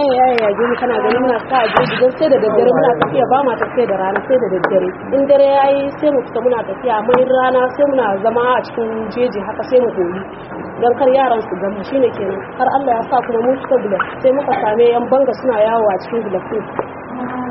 kan yaya ni kana gani muna sa je gidan sai da daddare muna tafiya ba ma tafiya da rana sai da daddare in dare yayi sai mu fita muna tafiya amma in rana sai muna zama a cikin jeji haka sai mu koyi don kar yaran su gamu shine kenan har Allah ya sa kuma mun fita bulak sai muka same yan banga suna yawo a cikin bulak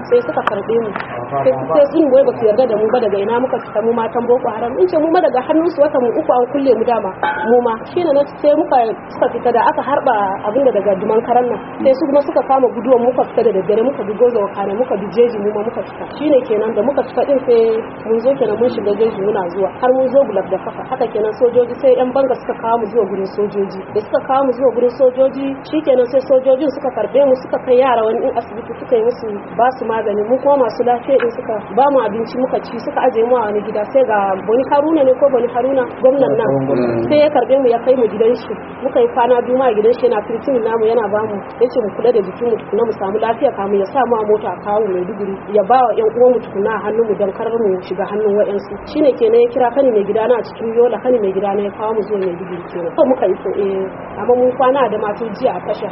sai suka karbe mu sai sun wai ba su yarda da mu ba daga ina muka fita mu matan boko haram in ce mu ma daga hannun su wata mu uku an kulle mu dama mu ma shine na sai muka suka fita da aka harba abin da daga duman karan nan sai su kuma suka kama guduwan muka fita da daddare muka bi gozo kana muka bi jeji mu ma muka fita shine kenan da muka fita din sai mun zo kenan mun shiga jeji muna zuwa har mun zo gulab da kafa haka kenan sojoji sai yan banga suka kawo mu zuwa gurin sojoji da suka kawo mu zuwa gurin sojoji kenan sai sojojin suka karbe mu suka kai yara wani in asibiti suka yi musu ba su magani mu kuma masu lafiya din suka ba mu abinci muka ci suka aje mu a wani gida sai ga wani haruna ne ko bani haruna gwamnan nan sai ya karbe mu ya kai mu gidan shi muka yi kwana biyu ma gidan shi yana firtin namu yana ba mu yace mu kula da jikin mu tukuna mu samu lafiya kamun ya sa mu a mota a kawo mai duguri ya ba wa yan uwan mu tukuna a hannun mu don kar mu shiga hannun wayansu shine kenan ya kira kani mai gida na cikin yola kani mai gida na ya kawo mu zuwa mai duguri kenan ko muka yi so eh amma mun kwana da mato jiya a tasha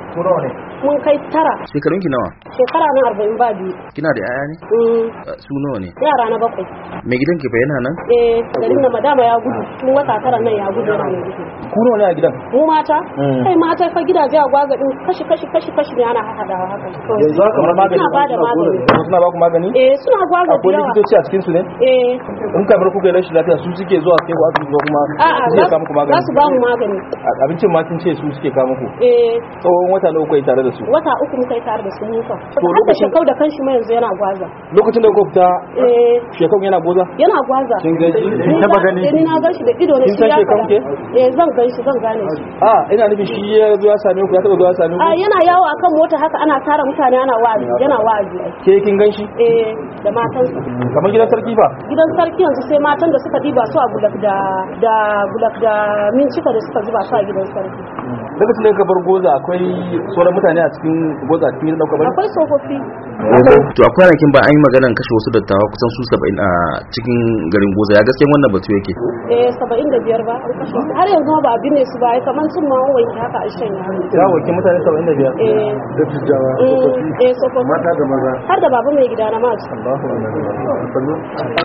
mun kai tara shekarun ki nawa shekara na arba'in ba biyu kina da yaya ne mm. su nawa ne yara na bakwai mai gidan ke yana nan eh garin nan madama ya gudu tun wata tara nan ya gudu yana gudu ku nawa ne a gidan mu mata hmm. kai mata fa gidaje a din kashi kashi kashi kashi ne ana hadawa haka yanzu haka ma magani suna bada magani suna ba ku magani eh suna yawa. akwai likitoci a cikin su ne eh in bar kuka yi rashin lafiya su suke zuwa sai ku asibiti ko kuma su suke kawo muku magani za su ba mu magani abincin ma kin ce su suke kawo muku eh tsawon wata nawa kuka tare da su wata uku mu yi tare da su mun fa to lokacin da kanshi ma yanzu yana gwaza lokacin ta gwabta eh. shekau yana gwaza yana gwaza kin gaji kin taba gani ni na gan shi da ido na shi ya shekau ke eh zan gan shi zan gane shi a ah, ina nufin shi ya zo ya same ku ya taba zuwa same ku a ah, yana yawo akan mota haka ana tara mutane ana wa'azi yana wa'azi ke kin gan shi eh da matansa kamar gidan sarki ba gidan sarki yanzu sai matan da suka diba su a gulak da da gulak da min cika da suka zuba su a gidan sarki lokacin da ka bar goza akwai sauran mutane a cikin goza cikin ɗauka bari? akwai tsofaffi to a kwanakin ba an yi maganan kashe wasu dattawa kusan su saba'in a cikin garin goza ya gaskiyan wannan batu yake eh saba'in da biyar ba an kashe har yanzu ba a binne su ba ai kaman sun ma wanke haka a shan yaro ya wanke mutane saba'in da biyar eh da tijawa eh, eh mata da maza har da baba mai gida na ma Allahu akbar